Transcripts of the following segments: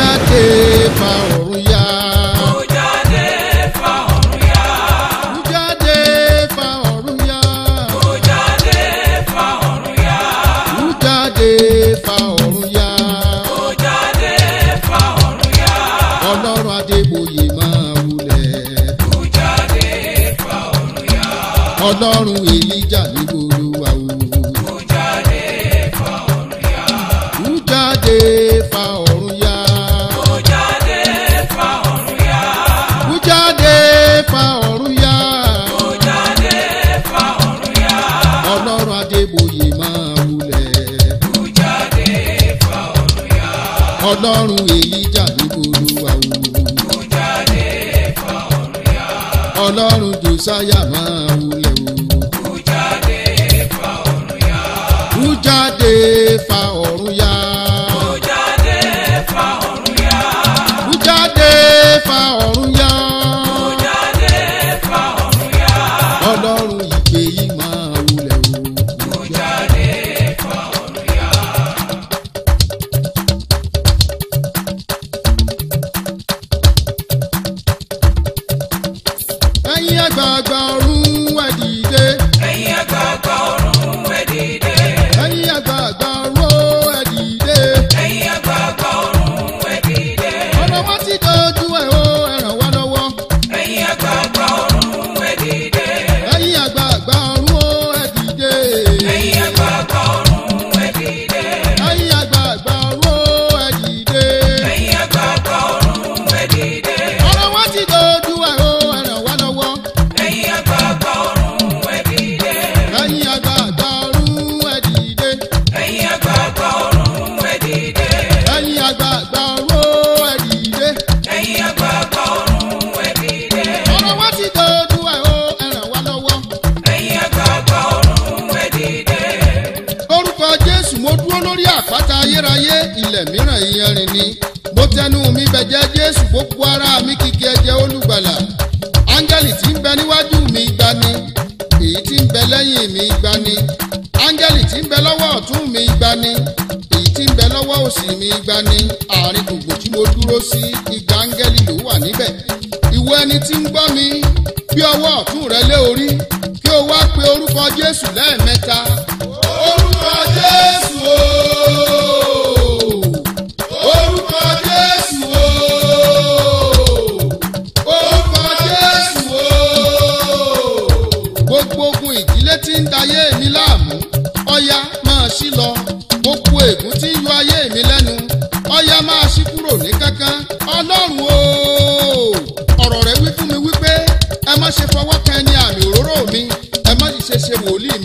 jáde fa ọ̀run yá. ó jáde fa ọ̀run yá. ó jáde fa ọ̀run yá. ó jáde fa ọ̀run yá. ó jáde fa ọ̀run yá. ó jáde fa ọ̀run yá. ọlọ́run adébóyè máa wulẹ̀. ó jáde fa ọ̀run yá. ọlọ́run èyí. ọlọ́run èyí jà nígboro wa o. mo jáde fún ọ̀rẹ́ ọ. ọlọ́run josiah máa wulẹ̀ o. mo jáde fún ọ̀run ya. mo jáde fún ọ̀run ya. rìn ni mo tẹnu mi bẹ̀jẹ̀ Jésù gbogbo ara mi kìkì ẹ̀jẹ̀ olùgbàlà áńgẹ́lì tí ń bẹ níwájú mi gbani èyí tí ń bẹ lẹ́yìn mi gbani áńgẹ́lì tí ń bẹ lọ́wọ́ ọ̀tún mi gbani èyí tí ń bẹ lọ́wọ́ òsì mi gbani àárín gbogbo tí mo dúró sí igba áńgẹ́lì ló wà níbẹ̀ ìwọ ẹni tí ń gbọ́ mi bí ọwọ́ ọ̀tún rẹ lé orí kí o wá pe orúkọ Jésù lẹ́ẹ̀mẹ́ta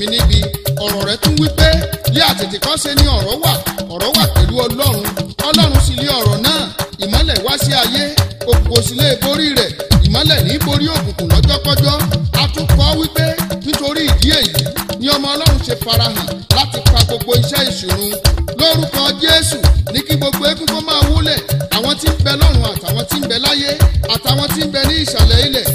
mi níbi ọ̀rọ̀ rẹ̀ tún wí pé lé àtètè kan ṣe ni ọ̀rọ̀ wà ọ̀rọ̀ wà pẹ̀lú ọlọ́run ọlọ́run sì lé ọ̀rọ̀ náà ìmọ́lẹ̀ wá sí ayé òkùnkùn sì lè borí rẹ̀ ìmọ́lẹ̀ ní borí òkùnkùn lọ́jọ́kọ́jọ́ a tún kọ́ wípé nítorí ìdí èyí ni ọmọ ọlọ́run ṣe farahàn láti pa gbogbo iṣẹ́ ìṣòro lórúkọ jésù ní kí gbogbo eégún kó máa wúlẹ̀ àwọn tí ń bẹ lọ́run àtàwọn tí ń bẹ láyé àtàwọn tí ń bẹ ní ìsàlẹ̀ ilẹ̀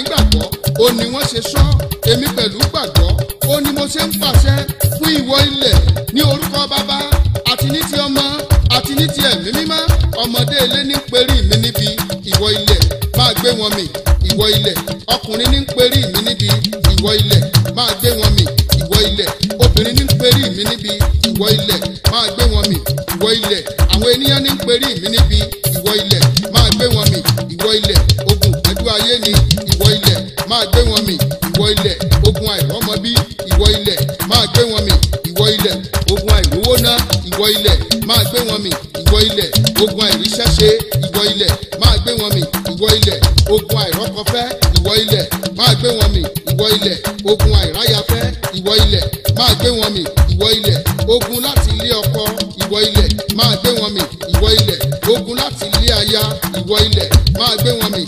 nígbàgbọ́ ó ní wọ́n ṣe sọ èmi pẹ̀lú gbàgbọ́ ó ni mo ṣe ń pàṣẹ fún ìwọ ilẹ̀ ní orúkọ bàbá àti ní ti ọmọ àti ní ti ẹ̀mí mímọ́ ọmọdé ilé ní perí mi níbi ìwọ ilẹ̀ máa gbé wọn mì ìwọ ilẹ̀ ọkùnrin ní perí mi níbi ìwọ ilẹ̀ máa gbé wọn mì ìwọ ilẹ̀ obìnrin ní perí mi níbi ìwọ ilẹ̀ máa gbé wọn mì ìwọ ilẹ̀ àwọn ènìyàn ní perí mi níbi ìwọ ilẹ̀ máa gbé wọn mì ìwọ ilẹ̀ ogun pẹ̀lú ayé ni máa gbé wọn mì ìwọ ilẹ̀ ogun àìrọ́mọbí ìwọ ilẹ̀ máa gbé wọn mì ìwọ ilẹ̀ ogun àìrówó ná ìwọ ilẹ̀ máa gbé wọn mì ìwọ ilẹ̀ ogun àìríṣẹ́ṣe ìwọ ilẹ̀ máa gbé wọn mì ìwọ ilẹ̀ ogun àìrọ́kọfẹ́ ìwọ ilẹ̀ máa gbé wọn mì ìwọ ilẹ̀ ogun àìráyafẹ́ ìwọ ilẹ̀ máa gbé wọn mì ìwọ ilẹ̀ ogun láti ilé ọkọ ìwọ ilẹ̀ máa gbé wọn mì ìwọ ilẹ̀ ogun láti ilé aya ìwọ ilẹ̀ máa gbé wọn mì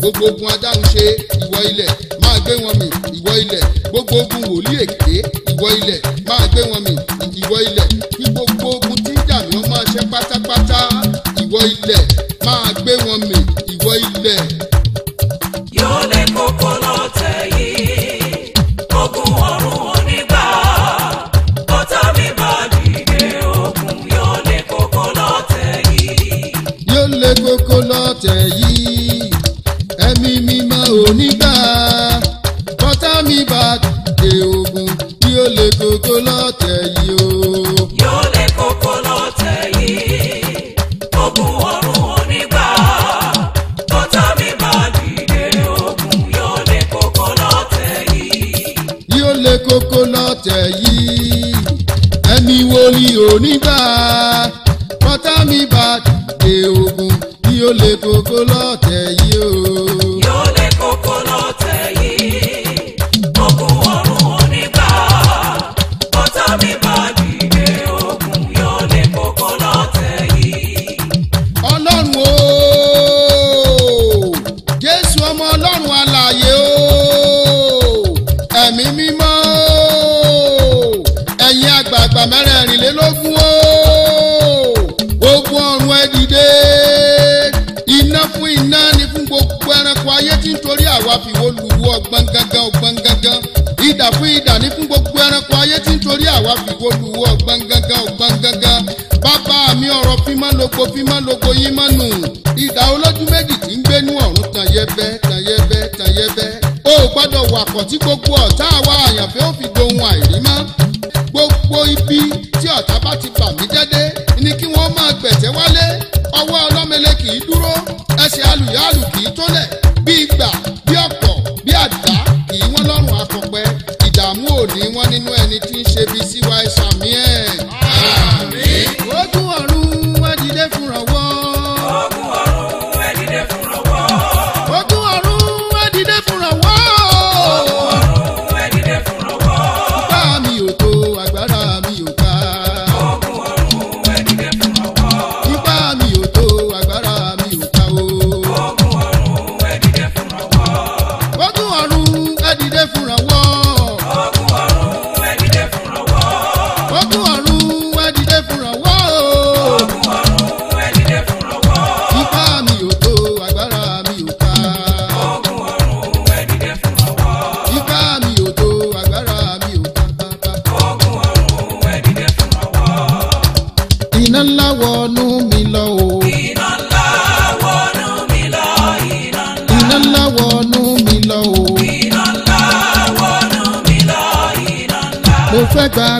gbogbo ogun adáhùn ṣe ìwọ ilẹ̀ máa gbé wọn mì ìwọ ilẹ̀ gbogbo ogun wòlíì èké ìwọ ilẹ̀ máa gbé wọn mì ìwọ ilẹ̀ kí gbogbo ogun tí ń jà mí máa ṣe pátápátá ìwọ ilẹ̀ máa gbé wọn mì ìwọ ilẹ̀. butter me back dey ogun kí ó lè kókó lọ́tẹ̀ wá fìwó luwọ́ gbọ̀ngangan ògbọ̀ngangan bàbá mi ọ̀rọ̀ mi lóko fímọ́ lóko yín mọ́ nù ìdá olójú méjì tí ń gbénú ọ̀run tàn yẹbẹ tàn yẹbẹ tàn yẹbẹ o gbọ́dọ̀ wà pọ̀ tí gbogbo ọ̀tá àwa àyànfẹ́ fi dohun àìrí gbogbo ibi tí ọ̀tá bá ti bà mí dẹ́dẹ́ ni kí wọ́n máa wálé ọwọ́ ọlọ́mẹlẹ kì í dúró ẹsẹ̀ kì í tólẹ̀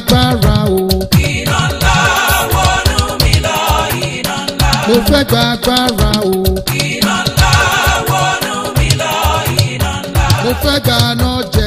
gbàgbára o. iná ńlá wọnú mi lọ iná ńlá. mo fẹ́ gbàgbára o. iná ńlá wọnú mi lọ iná mo fẹ́ gbaná jẹ.